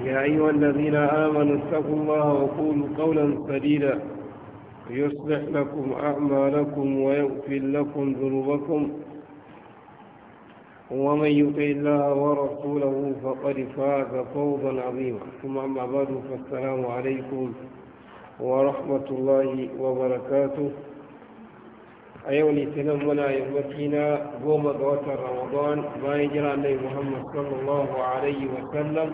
يا أيها الذين آمنوا اتقوا الله وقولوا قولا سديدا يصلح لكم أعمالكم ويغفر لكم ذنوبكم ومن يطع الله ورسوله فقد فاز فوزا عظيما ثم أما بعد فالسلام عليكم ورحمة الله وبركاته أيها الاثنين ولا يمكنا قوم رمضان ما يجرى النبي محمد صلى الله عليه وسلم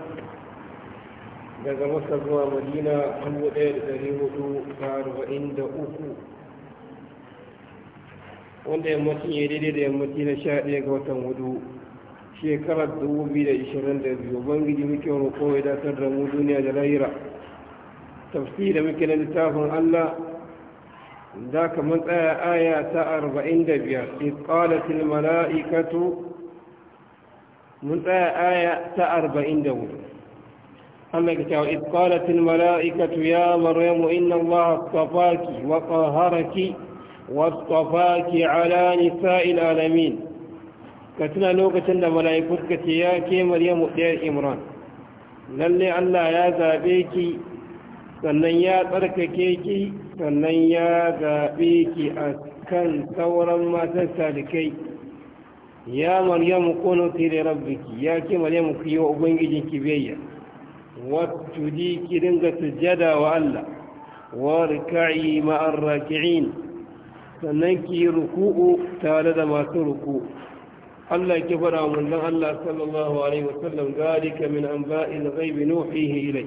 daga masa zuwa madina 1443 wanda yammacin ya daidai da yammaci na 11 ga watan hudu shekarar 2022 bangiji muke roƙo ya da da mu duniya da lahira tafsi da muke na littafin allah da ka tsaya aya ta 45 iqalatil mala'ikatu mun tsaya aya ta 44 hamdaka cewa itkalatin mala’ikatu ya maraimu inna Allah astafaki wa ƙaharaki wa astafaki ala nisa ilalamin ka tuna lokacin da mala’ikun ka ya ke maraimu ɗayar imran Lallai Allah ya zaɓe ki sannan ya tsarkake ki sannan ya zaɓe ki a kan sauran matan sadikai ya maraimu ƙonoti da rabbi ya ke mu ki yi wa ubangijinki biyayya wasjudi ki dinga sujjada wa Allah warka'i ma'ar raki'in sannan ki ruku'u tare da masu ruku Allah ki fara mun dan Allah sallallahu alaihi wa wasallam zalika min anba'il ghaibi nuhihi ilai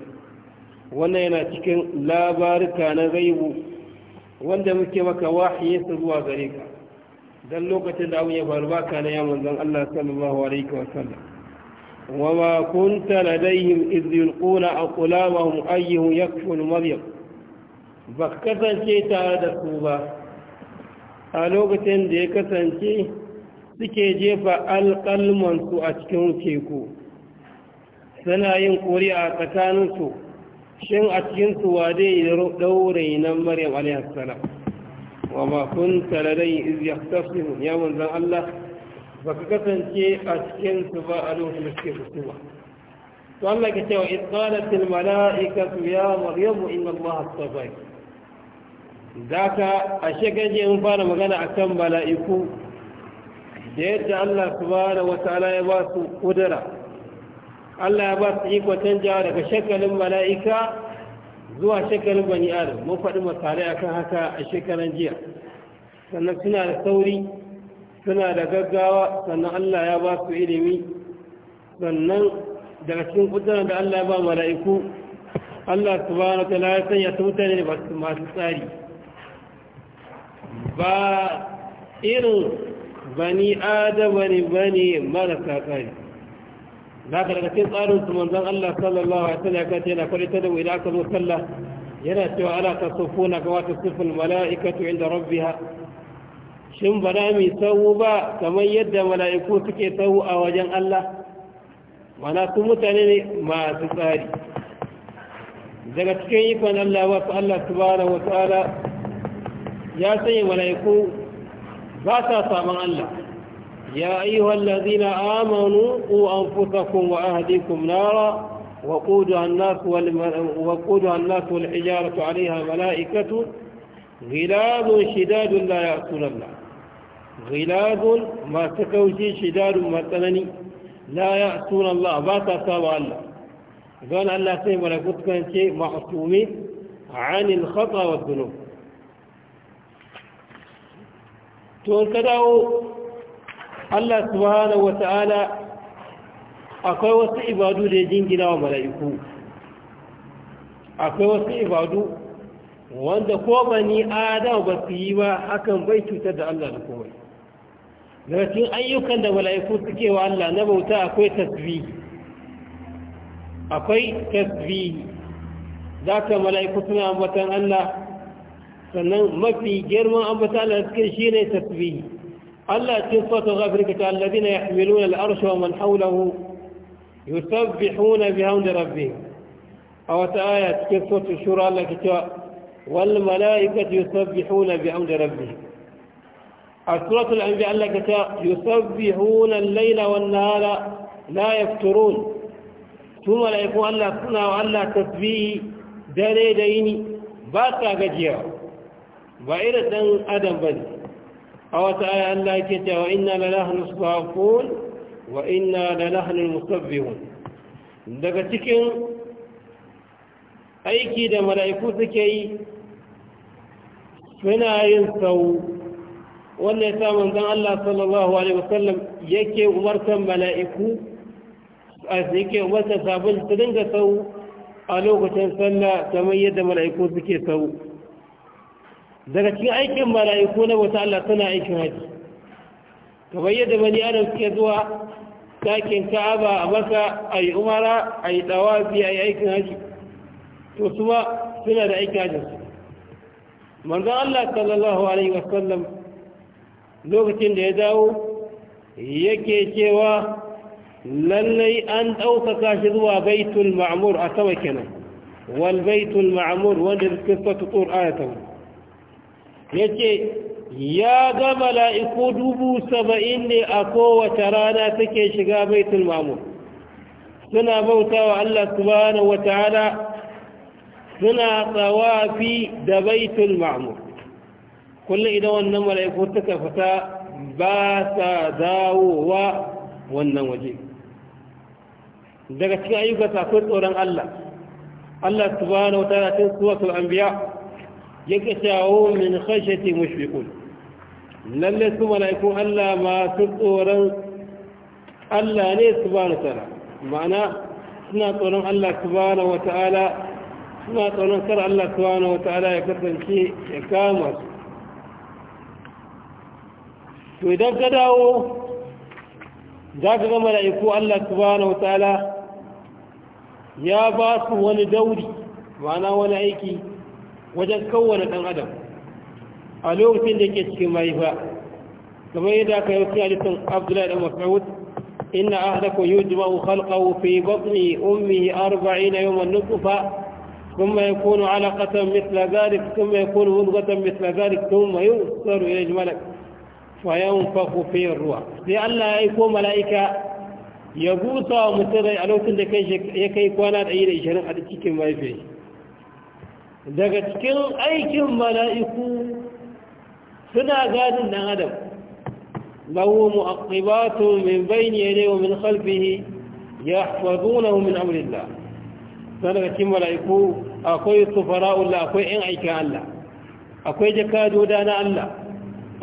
wannan yana cikin labarika na gaibu wanda muke maka wahayi zuwa gare ka dan lokacin da abu ya faru baka na ya manzon Allah sallallahu alaihi wa wasallam وما كنت لديهم إذ يلقون أقلامهم أيهم kasance مريم بكثن شيء تعالى كوبا ألوغة دي كثن شيء suke jefa alƙalmansu a cikin teku suna yin ƙuri'a tsakaninsu shin a cikinsu wade ya ɗaure nan maryam alaihassala wa makon talarai iz ya tafi ya Allah ba ka kasance a cikinsu ba a lokacin da suke kusurwa to Allah wa cewa isqalatil mala'ikatu ya maryamu inna Allah astafaki daka a shekaje mun fara magana akan mala'iku da yadda Allah subhanahu wataala ya ba su kudura Allah ya ba su iko canja daga shekalin mala'ika zuwa shekalin bani adam mun faɗi misalai akan haka a shekaran jiya sannan suna da sauri suna da gaggawa sannan Allah ya ba su ilimi sannan daga cikin kudurar da Allah ya ba mala'iku Allah subhanahu ta'ala ya sanya ta mutane da masu tsari ba irin bani adaba ne ba bane marasa tsari za ka daga cikin tsarin su manzan Allah sallallahu alaihi wasallam ya kace yana kwalita da wila aka zo sallah yana cewa ala tasufuna kawata suful mala'ikatu inda rabbiha shin ba za mu sahu ba kamar yadda mala'iku suke sahu a wajen Allah mana su mutane ne masu tsari daga cikin ikon Allah wasu Allah su subhanahu wasu ta'ala ya sanya mala'iku ba sa saman Allah ya yi ayyuhal ladzina amanu qu anfusakum wa ahlikum nara وقودها الناس وقودها الناس والحجارة عليها ملائكة غلاب da لا يأكل الله ghilagun masu kauce shidarun matsanani la ya tun Allah ba ta samu Allah don Allah sai mara kuskance ma'asumi a hannun khatsa wa suno tun ka dawo Allah subhanahu akwai wasu ibadu da ya jingina wa mara akwai wasu ibadu wanda ko bani adam ba su yi ba hakan bai cutar da Allah da komai daga cikin ayyukan da mala'iku suke wa Allah na bauta akwai tasbi. akwai tasbih zaka mala'iku suna ambatan Allah sannan mafi girman ambatan Allah suke ne tasbi. Allah cikin suratul Afirka ta alladhina ya al-arsha wa man hawlahu yusabbihuna bihamdi rabbihim aw ta aya cikin suratul shura Allah ke cewa والملائكة يسبحون بحمد ربهم سورة الأنبياء لك يسبحون الليل والنهار لا يفترون ثم لا يكون الله سنة وألا تسبيه dare da yini ba ta gajiya ba irin ɗan adam ba ne a wata aya Allah ke cewa inna da lahanin subhafon wa daga cikin aiki da mala'iku suke yi suna yin sau wanda ya samun zan Allah sallallahu Alaihi wasallam yake umartan mala'iku a yake umartan sabon su dinga sau a lokacin sallah maye yadda mala'iku suke sau daga cikin aikin mala'iku na wata Allah suna aikin haji kamar yadda mani adam suke zuwa ɗakin ka'aba a maka a yi umara a yi ɗawafi a yi aikin haji to su suna da aiki hajjinsu manzan Allah sallallahu Alaihi wasallam lokacin da ya dawo yake cewa lallai an ɗaukaka shi zuwa baitul ma'amur a sama kenan wal baitul ma'amur wanda cikin satutur ayatahu ya ce ya ga mala'iku dubu saba'in ne a kowace rana suke shiga baitul ma'amur suna bautawa Allah subhanahu wa ta'ala suna tsawafi da baitul ma'amur kullum idan wannan mala'iku suka fita ba sa dawowa wannan waje daga cikin ayyuka akwai tsoron Allah Allah subhanahu wa ta'ala cikin suratul anbiya yake cewa min khashyati mushfiqun lalle su mala'iku Allah masu tsoron Allah ne subhanahu wa ta'ala ma'ana suna tsoron Allah subhanahu wa ta'ala suna tsoron kar Allah subhanahu wata'ala ya kasance ya kama su to idan ka dawo za ka gama mala'iku Allah subhanahu wata'ala ya ba su wani dauri ma'ana wani aiki wajen kowane ɗan adam a lokacin da ke cikin mahaifa kamar yadda aka yi wasu hadisin abdullahi da mas'ud inna ahdakum yujma'u khalqahu fi batni ummihi 40 yawman nutfa ثم يكون علقة مثل ذلك ثم يكون مضغة مثل ذلك ثم يؤثر إلى الملك فينفخ فيه الروح لأن لا يكون ملائكة يبوس ومسر ألوك لك يكي كوانا أي إشهر على تكين ما يفيه daga cikin aikin mala'iku suna gadin ɗan adam lahu mu'aqqibatun min bayni yadayhi wa min khalfihi yahfazunahu min amrillah don daga cikin mala'iku akwai sufara'ullah akwai ‘yan aikin Allah akwai jakadoda na Allah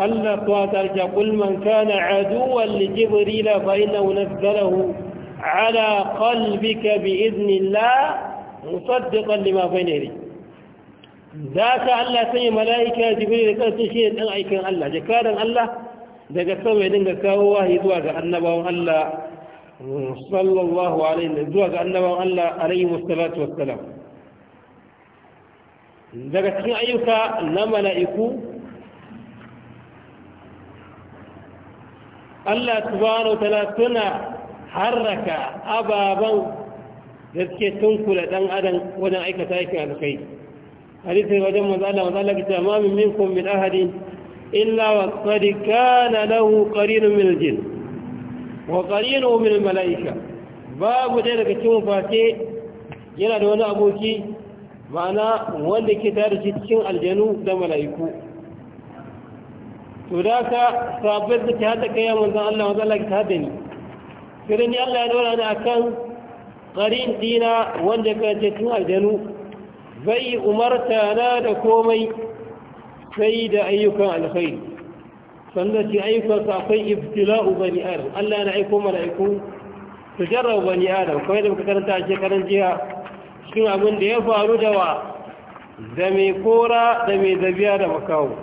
Allah kuwa tsarki kulman kana aduwan Jibrila fa ina wunazzarahu ala qalbika bi iznillah musaddiqan lima bayna Za ka Allah sanya mala'ika jibril da kansa shi ne dan aikin Allah jakadan Allah daga sama ya dinga kawo wahayi zuwa ga annabawan Allah sallallahu alaihi zuwa ga annaban Allah alaihi wasallatu wassalam daga cikin ayyuka na mala'iku Allah subhanahu wa ta'ala suna harraka ababan da suke tunkula dan adam wajen aikata aikin alkai hadisi wajen manzala manzala ki ta mamin minkum min ahadin illa wa qad kana lahu qarinun min al-jinn wa qarinu min malaika babu dai daga cikin face yana da wani aboki ma'ana wanda ke tare da cikin aljanu da malaiku to da ka sabbin da ta hada kai manzon Allah manzon ta hada ni kirin Allah ya dora ni akan qarin dina wanda ka ce cikin aljanu bai yi umarta na da komai sai da ayyukan alkhairi sannan ce ayyukansa akwai ibtila'u bani adam Allah na aiko mala'iku su jarraba bani adam kuma da muka a shekaran jiya cikin abin da ya faru da wa da mai kora da mai zabiya da makawo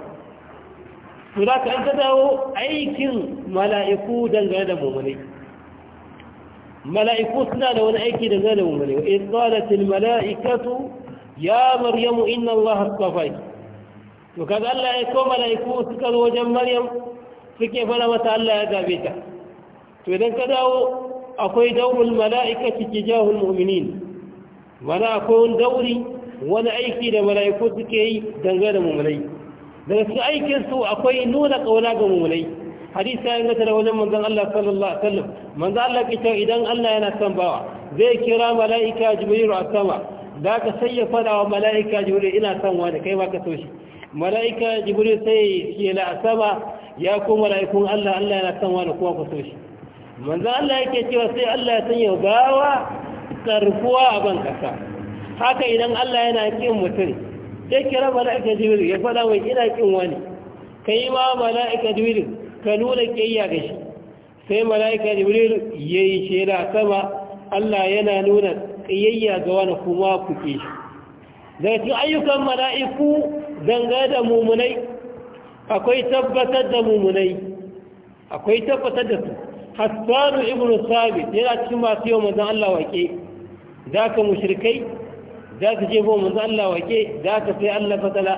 su da ka an ta dawo aikin mala'iku dangane da mummunai mala'iku suna da wani aiki dangane da mummunai wa izalatil mala'ikatu ya maryamu inna Allah hasfafai to kaga Allah ya ko malaiku suka zo wajen Maryam suke fara mata Allah ya zabe ta to idan ka dawo akwai daurul mala'ikati tijahul mu'minin mana akwai wani dauri wani aiki da malaiku suke yi dangane da mu'minai daga cikin aikin su akwai nuna kauna ga mu'minai hadisi ya ingata da wajen manzon Allah sallallahu alaihi wasallam manzon Allah ke cewa idan Allah yana son bawa zai kira mala'ika jibril a sama da ka sai ya mala'ika jibril ina son wani kai ma ka so shi mala'ika jibril sai ke la'asaba ya ko mala'ikun Allah Allah yana san wani kuma ku shi manzo Allah yake cewa sai Allah ya sanya gawa tsarkuwa a ban kasa haka idan Allah yana ƙin mutum sai kira mala'ika jibril ya fada mai ina kin wani kai ma mala'ika jibril ka nuna kiyaya ga shi sai mala'ika jibril yayi shela sama Allah yana nuna kiyayya ga wani kuma ku ke shi da cikin ayyukan mala'iku dangane da mumunai akwai tabbatar da mumunai akwai tabbatar da su hassanu ibn sabit yana cikin masu yau manzan Allah wake za ka mushrikai za ka jefo manzan Allah wake za ka sai Allah fatala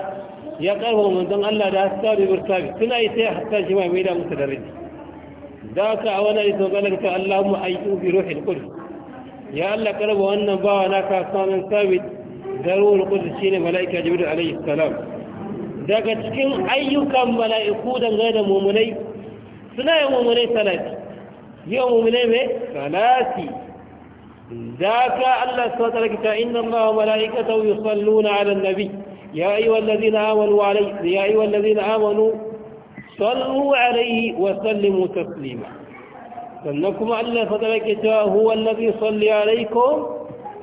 ya karfa manzan Allah da hassanu ibn sabit suna yi sai hassan shi mai da musu da rinji za ka a wani iso galarka Allah mu aiki bi ruhin kudu ya Allah karba wannan bawa na ka samun sabit garuwar kudu shi ne mala’ika jibiru alaihissalam daga cikin ayyukan mala’iku dangane da mummunai suna yin mummunai salati yiwa mummunai mai salati za ka allah su wata rikita inda ba wa mala’ika ta wuyi sallu na adan ya yi wallazi na amonu wa da ya yi wallazi na amonu sallu a wa sallimu ta sulima sannan kuma allah su wata rikita huwa wallazi sallu a ko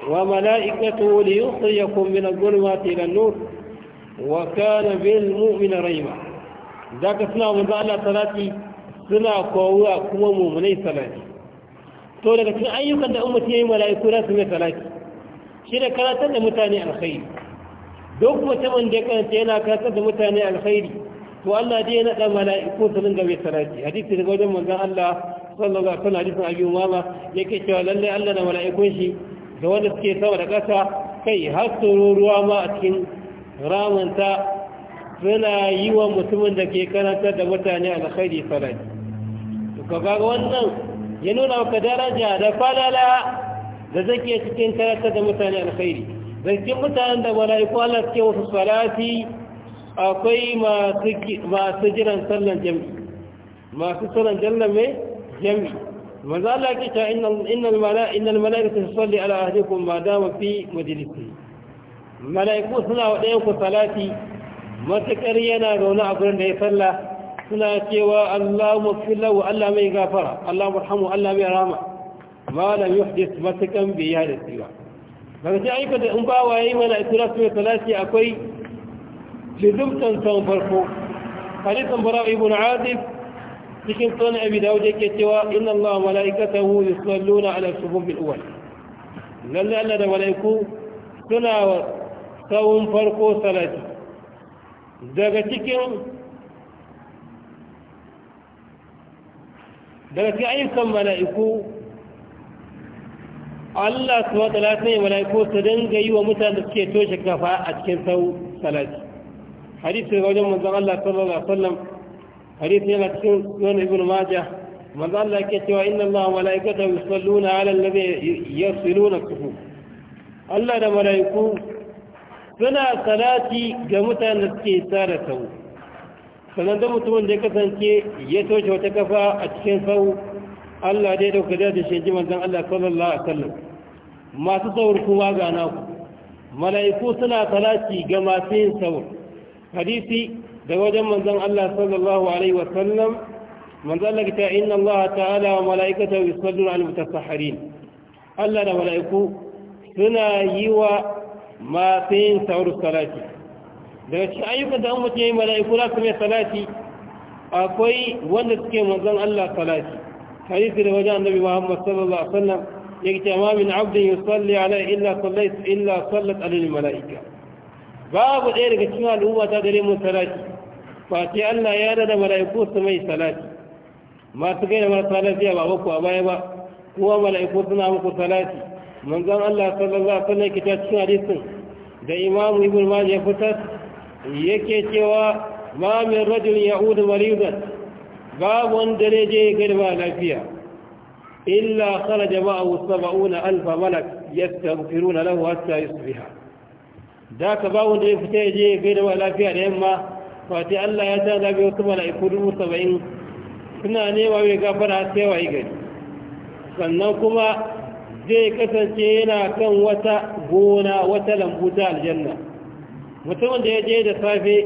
وملائكته ليخرجكم من الظلمات إلى النور وكان بالمؤمن رحيما ذاك سنا من الله صلاتي سنا كوا كما مؤمني صلاتي to daga cikin ayyukan da ummati yayin mala'iku za su mai salati shi da karatar da mutane alkhairi duk mutumin da karanta yana karatar da mutane alkhairi to Allah dai ya da mala'iku su dinga mai salati hadisi daga wajen manzon Allah sallallahu alaihi wasallam hadisin Abi Umama yake cewa lalle Allah da mala'ikun shi da wanda suke sama da ƙasa kai har ruwa ma a cikin ramanta suna yi wa mutumin da ke karanta da mutane alkhairi farai ka ga wannan ya nuna maka daraja da falala da zake cikin karanta da mutane alkhairi da cikin mutanen da iku Allah suke wasu salati akwai masu jiran sallan jami'i masu sallan jallan mai jami'i manzo Allah yake cewa innal mala'ika innal mala'ika tusalli ala ahdikum ma dama fi majlisi mala'iku suna wa ɗayan ku salati matakar yana zaune a gurin da ya salla suna cewa Allahumma fil lahu Allah mai gafara Allahumma arhamu Allah mai rahama ma lam yuhdith matakan bi yadi siwa daga cikin ayyukan da in ba wa yi mana rasu mai salati akwai lizumtan san farko hadisin bara ibn azib cikin sunan da dawud yake cewa inna allaha malaikatahu yusalluna ala subuh al-awwal lalle Allah da malaiku suna wa sawun farko salati daga cikin daga cikin ayyukan malaiku Allah su wata latin malaiku su dinga yi wa mutane suke toshe kafa a cikin sau salati hadisi wajen manzon Allah sallallahu alaihi wasallam hadisi yana cikin sunan ibn majah manzo Allah yake cewa inna Allah wa malaikatahu yusalluna ala alladhi yarsiluna sufu Allah da malaiku suna salati ga mutanen da ke tsara sau sannan mutumin da ya kasance ya toshe wata kafa a cikin sau Allah dai dauka da shi ji manzon Allah sallallahu alaihi masu saur kuma ga naku mala'iku suna salati ga masu yin saur Da wajen manzon Allah sallallahu alaihi wasallam manzan Allah ta inna Allah ta'ala wa mala'ikatahu yusalluna 'alal mutasahhirin Allah da mala'iku suna yi wa masu yin saurin salati daga cikin ayyukan da an mutu yi mala'iku na su mai salati akwai wanda suke manzan Allah salati hadisi da wajen annabi Muhammad sallallahu alaihi wasallam ya ce ma min abdin yusalli ala illa sallait illa sallat alil mala'ika babu ɗaya daga cikin al'umma ta gare mun salati fati Allah ya dada da mala'iku su mai salati masu gaida masu lafiya ba baku a baya ba kuma mala'iku suna muku salati zan Allah sallallahu alaihi wasallam kita cikin hadisin da Imam Ibn Majah ya fitar yake cewa ma min rajul ya'udu maridan babu wanda ne je gaida ba lafiya illa kharaja ma'ahu 70000 malak yastaghfiruna lahu hatta yusbiha da ka babu wanda ya fita ya je gaida ba lafiya da yamma fati Allah ya tana bai wasu mala'iku dubu saba'in suna nema mai gafara sai wayi gari sannan kuma zai kasance yana kan wata gona wata lambu ta aljanna mutumin da ya je da safe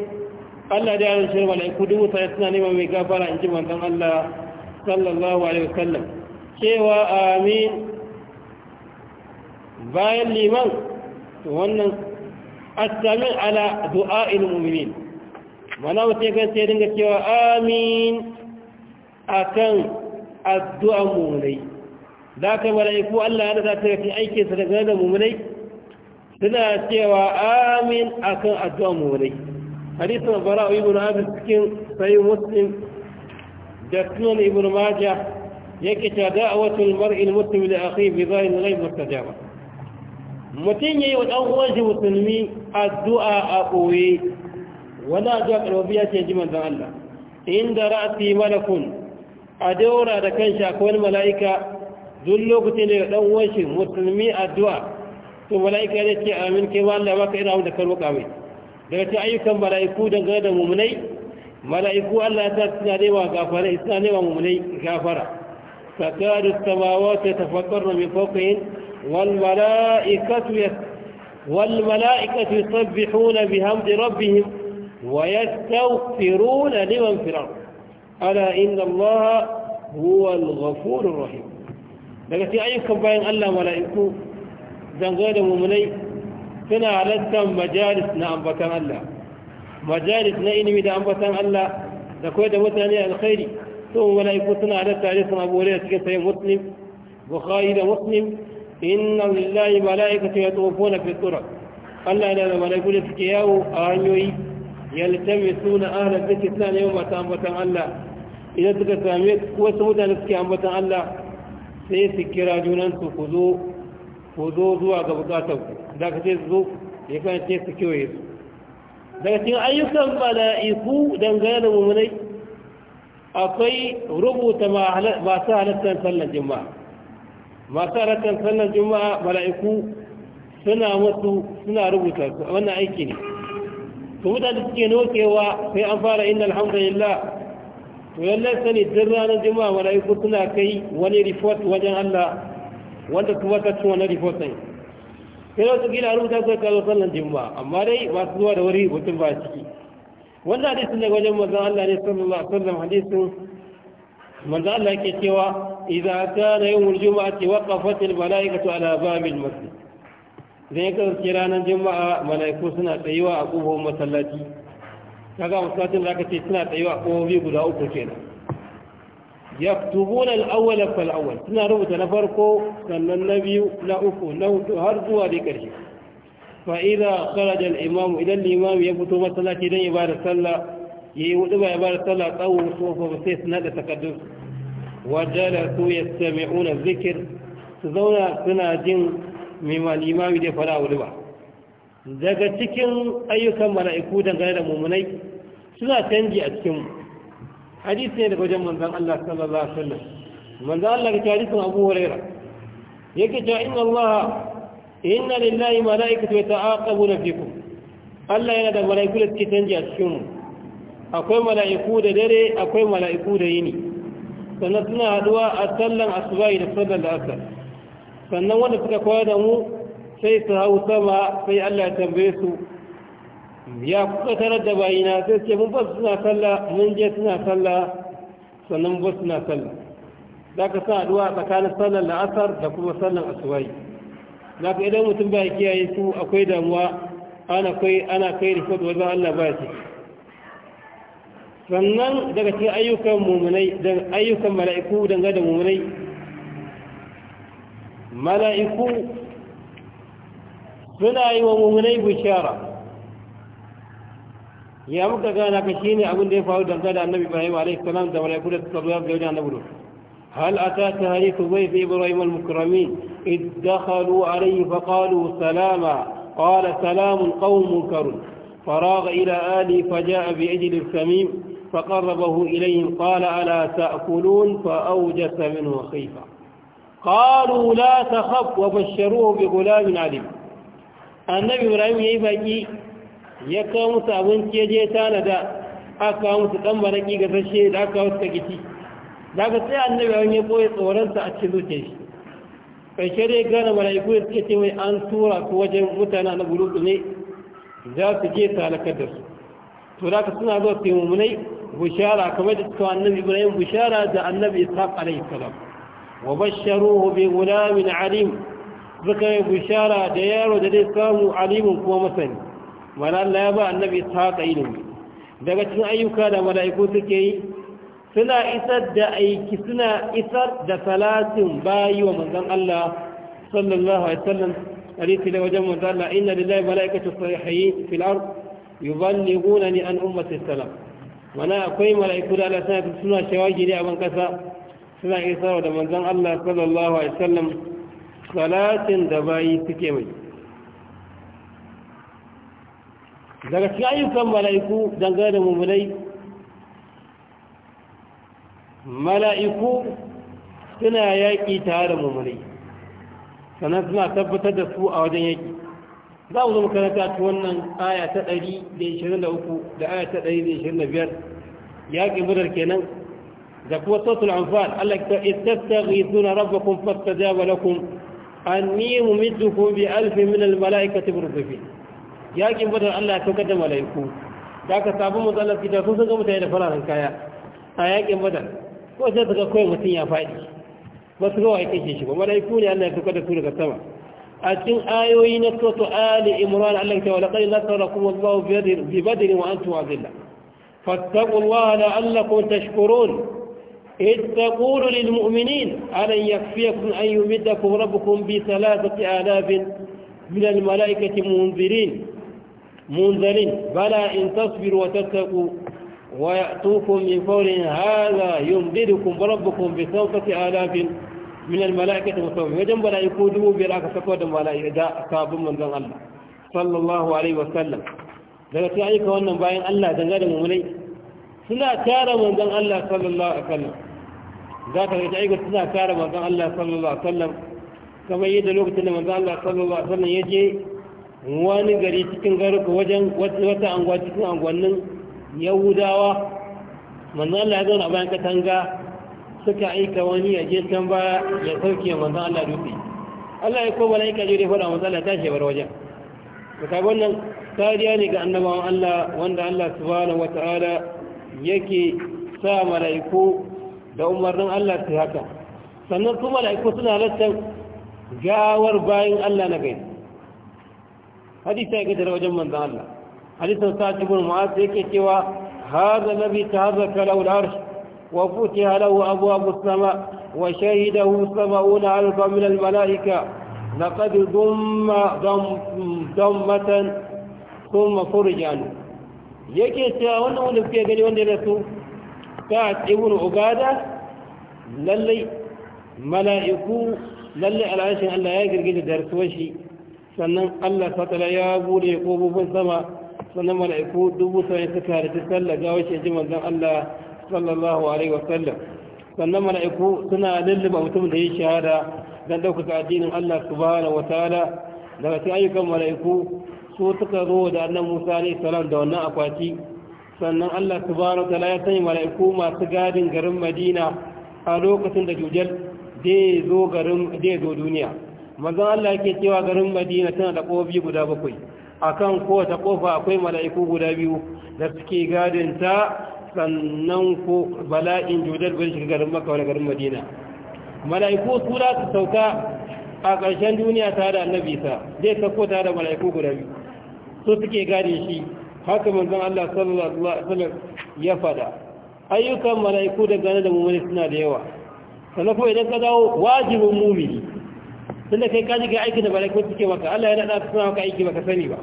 Allah da yaron da iku dubu saba'in suna nema mai gafara in ji mantan Allah sallallahu alaihi wasallam cewa amin bayan liman wannan Asamin ala du'a ilmuminin mana mutum ya kai dinga cewa amin a kan addu’an mummunai za ka mala'iku Allah ya nada ta yafi aikinsa daga da mummunai suna cewa amin a kan addu’an mummunai bara a ibn abin cikin sayi muslim da sunan ibn maja yake ta da'awatul mar'il muslim da akhi bi zalil ghaib mustajaba mutun yayi wa ɗan uwan shi musulmi addu'a a ɓoye. wani addu'a ƙarfafiya ce ji manzan Allah inda ra'asi malakun a daura da kan shakon mala'ika duk lokacin da ya ɗan washe musulmi addu'a to mala'ika ne ce amin kai ma Allah baka ina wanda ka roƙa mai daga ta ayyukan mala'iku da dangane da mummunai mala'iku Allah ya sa suna nema gafara suna nema mummunai gafara تكاد السماوات يتفطرن من فوقهن والملائكة والملائكة يسبحون بحمد ربهم ويستغفرون لمن في الأرض ألا إن الله هو الغفور الرحيم daga cikin ayyukan bayan Allah mala'iku zango da mummunai suna halattar majalis na ambatan Allah majalis na ilimi da ambatan Allah da kawai da mutane alkhairi sun mala'iku suna halatta ne suna bore da cikin sayin muslim bukhari da muslim inna lillahi mala'ikatu ya tsofo na fitura Allah yana da mala'iku da suke yawo a hanyoyi yaltamisuna ahla dhikri suna neman masu ambatan Allah idan suka same wasu mutane suke ambatan Allah sai su kira junansu ku zo ku zo zuwa ga bukatar ku da ka ce su zo ya kan ce su kewaye su daga cikin ayyukan mala'iku dangane da mummunai akwai rubuta masu halattar sallar juma'a masu halattar sallar juma'a mala'iku suna mutu suna rubuta su wannan aiki ne to mutane suke nokewa sai an fara inna alhamdulillah to yallar sani duk ranar juma'a mala'iku suna kai wani report wajen Allah wanda kuma ta ci wani report sai sai wasu gina rubuta sai ka zo sallan juma'a amma dai masu zuwa da wuri mutum ba ciki wanda hadisi ne wajen manzon Allah ne sallallahu alaihi wasallam hadisin manzon Allah yake cewa idza kana yawmul juma'ati waqafat al mala'ikatu ala babil masjid da ya kasance ranar jima'a mala'iku suna tsayuwa a ƙofofin masallaci Ta ga masallacin da aka ce suna tsayuwa a ƙofofi guda uku nan ya tubu na fal fal'awar suna rubuta na farko sannan na biyu na uku na hudu har zuwa da ƙarshe fa'ida idza kharaja imam idan limamu ya fito masallaci don dan bada sallah ya yi hudu ba da sallah tsawo ko ba sai suna da su ya jalasu yastami'una dhikr su zauna suna jin limami da fara wuri ba daga cikin ayyukan mala'iku dangane da mummunai suna canji a cikin hadisi ne daga wajen manzan Allah sallallahu alaihi wasallam manzan Allah ga hadisin Abu Huraira yake cewa inna Allah inna lillahi mala'ikatu yata'aqabuna fikum Allah yana da mala'iku da suke canji a cikin akwai mala'iku da dare akwai mala'iku da yini sannan suna haduwa a sallan asubahi da sallan da asar sannan wanda suka koyar da mu sai su hau sama sai Allah ya tambaye su ya kuka tarar da bayina sai ce mun ba suna sallah mun je suna sallah sannan ba suna sallah za ka sa addu'a tsakanin sallar la'asar da kuma sallar asuwai za ka idan mutum ba kiyaye su akwai damuwa ana kai ana kai rikot wajen Allah ba shi sannan daga cikin ayyukan mumunai da ayyukan mala'iku dangane da mumunai ملائكو سنا ومؤمني بشارة يا مكة كان كشيني أبو دين فاول دمتاد النبي إبراهيم عليه السلام دم لا يقول التطبيق جوجا نقوله هل أتاك هريك ضيف إبراهيم المكرمين إذ دخلوا عليه فقالوا سلاما قال سلام قوم منكر فراغ إلى آله فجاء بعجل السميم فقربه إليهم قال ألا تأكلون فأوجس منه خيفة qalu la takhaf wa basharuhu bi gulamin alim annabi ibrahim ya yi baki ya kawo musu abinci ya je tanada aka musu dan baraki ga sashe da aka kawo takiti daga sai annabi an ya boye tsoronsa a cikin zuciyar shi da dai gane mala'iku ya suke ce mai an tura ku wajen mutane na bulutu ne za su je su halakar da su suna zuwa su yi bushara kamar da suka annabi ibrahim bushara da annabi Ishak alaihi salam وبشروه بغلام عليم ذكر بشارة ديار ودليل كانوا عليم ومسن ولا لا يبا النبي إسحاق علم daga cikin ayyuka da mala'iku suke yi suna isar da aiki suna isar da salatin bayi wa manzan Allah sallallahu alaihi wasallam hadisi da wajen manzan Allah inna lillahi mala'ikatu sahihi fil ard yuballighunani an ummati salam wana akwai mala'iku da Allah suna kasa suna isarwa da manzan Allah sallallahu alaihi wasallam salatin da bayi suke mai daga cikin ayyukan mala'iku dangane da mummunai mala'iku suna yaƙi tare da mummunai sannan suna tabbatar da su a wajen yaƙi za mu zo makaranta ta wannan aya ta 123 da aya ta 125 yaƙin budar kenan da kuma sautul anfal Allah ta istastaghithuna rabbakum fastajaba lakum anni mumiddukum bi alfin min al malaikati murdifin yakin badar Allah ya saukar da malaiku da ka sabu matsalar fita sun ga mutane da fararen kaya a yakin badar ko sai suka koyi mutum ya faɗi ba su ga wa yake shi ba malaiku ne Allah ya saukar da su daga sama a cikin ayoyi na sotu ali imran Allah ya ce wa laqad nasarakum Allahu bi badrin wa antum azilla fattaqullaha la'allakum tashkurun إذ تقول للمؤمنين ألن يكفيكم أن يمدكم ربكم بثلاثة آلاف من الملائكة منذرين منذرين بلى إن تصبروا وتتقوا ويأتوكم من فور هذا يمددكم ربكم بثلاثة آلاف من الملائكة مصومين وجنب لا يكودوا براك سكودا ولا إعداء كاب من ذن الله صلى الله عليه وسلم ذلك sai aika باين الله Allah dangane mu ne suna tara manzon Allah sallallahu alaihi wasallam za ka rage aiki suna kare manzon Allah sallallahu alaihi wasallam kamar yadda lokacin da manzon Allah sallallahu alaihi wasallam ya je wani gari cikin garuka wajen wata anguwa cikin anguwannin yahudawa manzon Allah ya zauna a bayan katanga suka aika wani ya je can baya ya sauke manzon Allah dutse Allah ya koma laika je da faɗa manzon Allah tashi bar wajen to kai wannan kariya ne ga annabawan Allah wanda Allah subhanahu wataala yake sa mala'iku da umarnin Allah su haka sannan su mala'iku suna halattar gawar bayan Allah na gai hadisa ya gajar wajen manzan Allah hadisan sa'ad ibn mu'az yake cewa hadha nabi tahazzaka lahu al harshe. wa futiha halawa abu abu sama wa shahidahu 70 alfan min al-mala'ika لقد ضم ضمة ثم فرج yake cewa wannan wanda suke gani wanda ya rasu sa'ad ibn ubada lallai mala'iku lallai al'ashin Allah ya girgije da rasuwar shi sannan Allah fatala ya bude kofofin sama sannan mala'iku dubu sai suka harci sallah ga wace ji manzon Allah sallallahu alaihi wa sallam. sannan mala'iku suna lulluba mutum da ya shahada don ɗaukaka addinin Allah subhanahu wa ta'ala daga cikin ayyukan mala'iku su suka zo da annan Musa alaihi salam da wannan akwati sannan Allah ta baro wataala ya sanya mala'iku masu gadin garin Madina a lokacin da jujjar zai zo garin zo duniya manzon Allah yake cewa garin Madina tana da kofi guda bakwai akan kowace kofa akwai mala'iku guda biyu da suke gadin ta sannan ko bala'in jujjar bai shiga garin Makka wala garin Madina mala'iku su za su sauka a ƙarshen duniya tare da annabi sa zai sauko tare da mala'iku guda biyu su suke gadin shi haka manzon Allah sallallahu alaihi wasallam ya fada ayyukan mala'iku da gane da mu'mini suna da yawa sannan kuma idan ka dawo wajibin mu'mini tunda kai ka ga aikin da mala'iku suke maka Allah ya nada suna maka aiki baka sani ba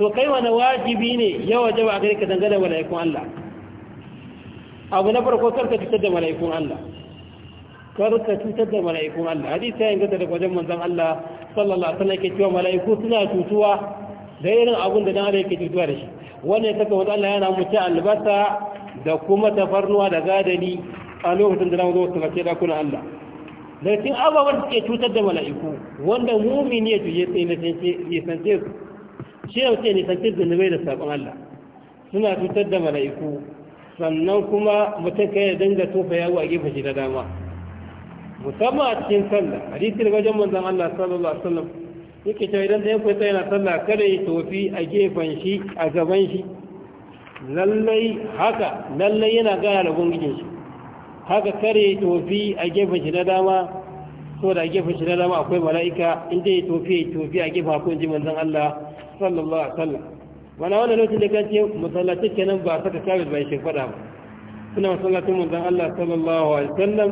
to kai wani wajibi ne ya wajaba a gare ka dangane da mala'ikun Allah abu na farko karka cutar da mala'ikun Allah karka cutar da mala'ikun Allah hadisi ya inganta da wajen manzon Allah sallallahu alaihi wasallam yake cewa mala'iku suna cutuwa da irin abun da dan yake cutuwa da shi wannan saka wanda Allah yana mutu albasa da kuma tafarnuwa da gadani a lokacin da na zo su kace dakunan Allah da cikin ababen da suke cutar da mala'iku wanda mumini ya tuye sai nisance su shi ya wuce nisance zunubai da sabon Allah suna cutar da mala'iku sannan kuma mutum kai ya dinga tofa ya a gefe shi da dama musamman a cikin sallah hadisi daga wajen manzon Allah sallallahu alaihi wasallam yake ta idan da ya kwaita na sallah kada ya tofi a gefen shi a gaban shi lallai haka lallai yana gana da gungijin shi haka kare ya tofi a gefen shi na dama so da a gefen shi na dama akwai mala'ika inda ya tofi ya tofi a gefen akwai jimin zan Allah sallallahu alaihi wasallam wala wannan lokacin da kace masallacin kenan ba saka kare bai shi fada ba suna masallacin manzon Allah sallallahu alaihi wasallam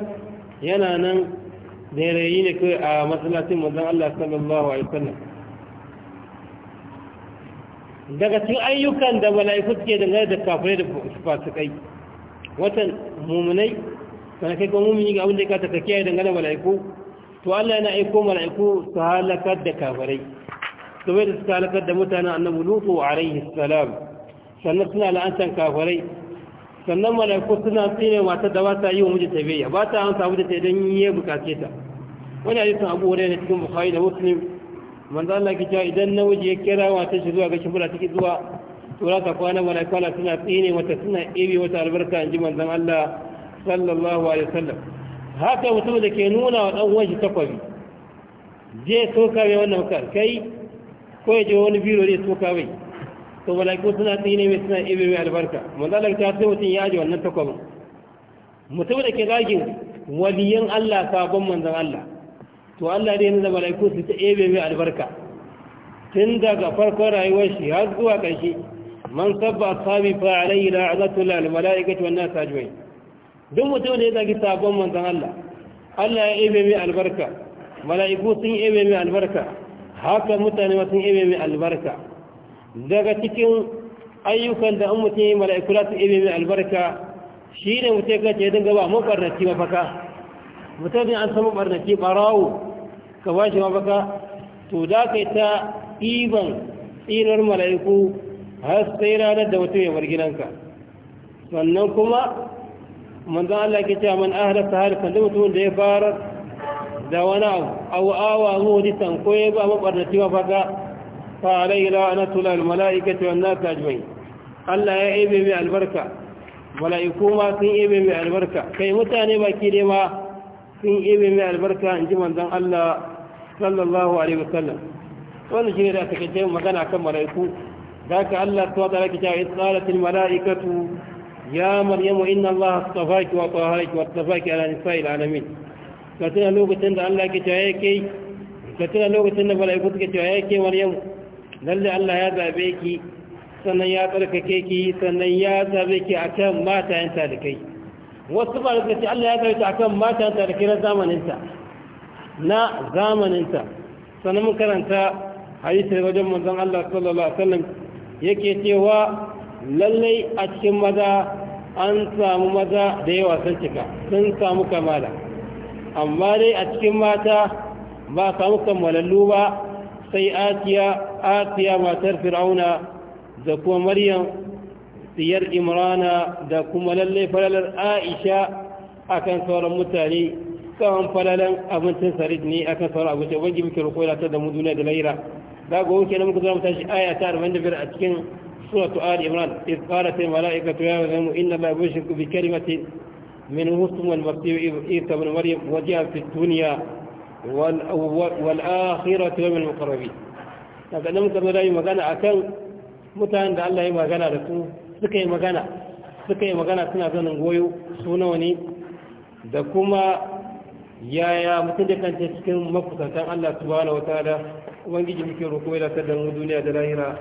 yana nan yi ne kawai a matsalacin mazan Allah sallallahu alaihi wasallam daga cikin ayyukan da mala'iku suke dangane da kafirai da kai, watan mummunai, kana kai kuma mummuni ga abin da ya kata kiyaye dangane mala'iku to Allah yana aiko mala'iku su halakar da kafirai bai da suka halakar da mutanen annabi lutu rai salam sannan suna la'antar kafirai sannan mala'iku suna tsine mata da ba ta yi wa mijinta biyayya ba ta hansa mijinta idan ya bukace ta wani hadisin abu wurai na cikin bukhari da muslim manzo Allah ki cewa idan namiji ya kira wata shi zuwa ga shimfura take zuwa to za ta kwana malaika kala suna tsine wata suna ebe wata albarka in ji manzon Allah sallallahu alaihi wasallam haka mutum da ke nuna wa dan uwan shi takwabi je so kawai wannan kar kai ko ya je wani biro ne so kawai to malaiku suna tsine mai suna ebe mai albarka manzo Allah ta sai mutum ya ji wannan takwabin mutum da ke zagin waliyin Allah sabon manzon Allah to Allah dai yana mala'iku su ta ebe mai albarka tun daga farkon rayuwar shi har zuwa ƙarshe man sabba sabi fa alayhi la'azatu lil mala'ikati wan nas ajma'in duk mutum da ya zagi sabon manzon Allah Allah ya ebe mai albarka mala'iku sun ebe mai albarka haka mutane ma sun ebe mai albarka daga cikin ayyukan da an mutum mala'iku za su ebe mai albarka shi ne mutum ya kace ya dinga ba mabarnaci mafaka mutane an samu barnake barawo ka ba shi mafaka to da yi ta iban tsirar mala'iku har sai ranar da mutum ya bar gidanka sannan kuma manzan Allah ke cewa man ahada ta harkar da mutumin da ya fara da wani abu awa mu wani tanko ya ba mabarnaci mafaka fa alai ila ana tula almala'ika ce wannan ta jimai Allah ya ebe mai albarka mala'iku ma sun ebe mai albarka kai mutane baki ne ma sun ebe mai albarka in ji manzan Allah sallallahu alaihi wasallam wannan shi ne da aka ce magana kan mala'iku da ka Allah ta wata rake da isalatul mala'ikatu ya maryamu inna Allah astafaki wa taharaki wa astafaki ala nisa'il alamin ka tuna lokacin da Allah ke cewa yake ka tuna lokacin da mala'iku suke cewa yake maryamu lalle Allah ya zabe ki sannan ya tsarkake ki sannan ya zabe ki akan da talikai wasu ba da ce Allah ya karfi a kan mata tsarki na zamaninta na zamaninta sannan mun karanta hadisai wajen manzon Allah sallallahu alaihi wasallam yake cewa lallai a cikin maza an samu maza da yawa sun cika sun samu kamala amma dai a cikin mata ba samu kammalallu ba sai atiya atiya matar fir'auna da kuma maryam diyar imrana da kuma lalle falalar aisha akan sauran mutane tsawon falalan abincin sarid ne akan sauran abincin wani muke rukwai ta da mu duniya da laira za ga wanke nan muka zama tashi aya ta arba'in da biyar a cikin suratu ali imran iz qalat al mala'ikatu ya wazamu inna la ku bi kalimatin min husm wal masih isa ibn maryam wajiha fi dunya wal wal akhirati min al muqarrabin daga nan muka zo da magana akan mutanen da Allah ya magana da su suka yi magana suka yi magana suna zanen goyo su ne da kuma yaya mutum da kanta cikin makusantan Allah subhanahu wataala ubangiji muke roƙo ya da mu duniya da lahira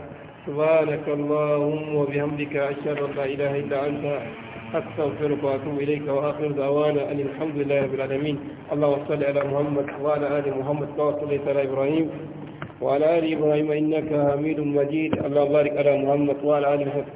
subhanaka allahumma wa bihamdika ashhadu an la ilaha illa anta أستغفرك وأتوب إليك وآخر دعوانا أن الحمد لله رب العالمين اللهم صل على محمد وعلى آل محمد كما صليت على ibrahim وعلى آل إبراهيم إنك حميد مجيد اللهم بارك على محمد وعلى آل محمد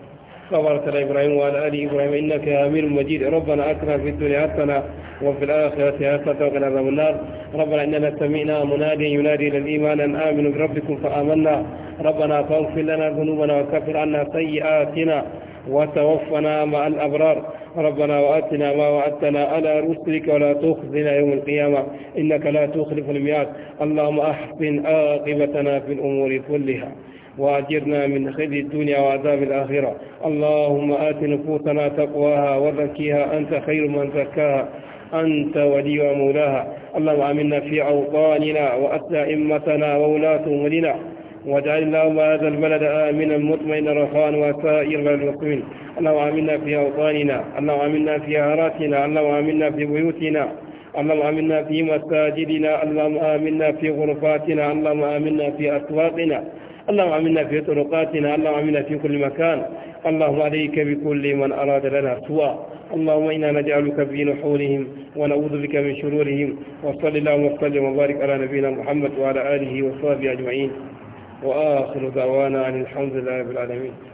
وبارك على إبراهيم وعلى آل إبراهيم إنك أمير مجيد ربنا أكرم في الدنيا حسنة وفي الآخرة حسنة وقنا عذاب النار ربنا إننا سمعنا مناديا ينادي للإيمان أن آمنوا بربكم فآمنا ربنا فاغفر لنا ذنوبنا وكفر عنا سيئاتنا وتوفنا مع الأبرار ربنا وآتنا ما وعدتنا على رسلك ولا تخزنا يوم القيامة إنك لا تخلف الميعاد اللهم أحسن عاقبتنا في الأمور كلها وأجرنا من خزي الدنيا وعذاب الآخرة اللهم آت نفوسنا تقواها وزكيها أنت خير من زكاها أنت ولي ومولاها اللهم آمنا في أوطاننا وأتنا إمتنا وولاة أمورنا واجعل اللهم هذا البلد آمنا مطمئنا رخاء وسائر بلد المسلمين اللهم آمنا في أوطاننا اللهم آمنا في عراتنا اللهم آمنا في بيوتنا اللهم آمنا في مساجدنا اللهم آمنا في غرفاتنا اللهم آمنا في أسواقنا اللهم عملنا في طرقاتنا اللهم عملنا في كل مكان اللهم عليك بكل من أراد لنا سواء اللهم إنا نجعلك في نحورهم ونعوذ بك من شرورهم وصل اللهم وسلم وبارك على نبينا محمد وعلى آله وصحبه أجمعين وآخر دعوانا عن الحمد لله رب العالمين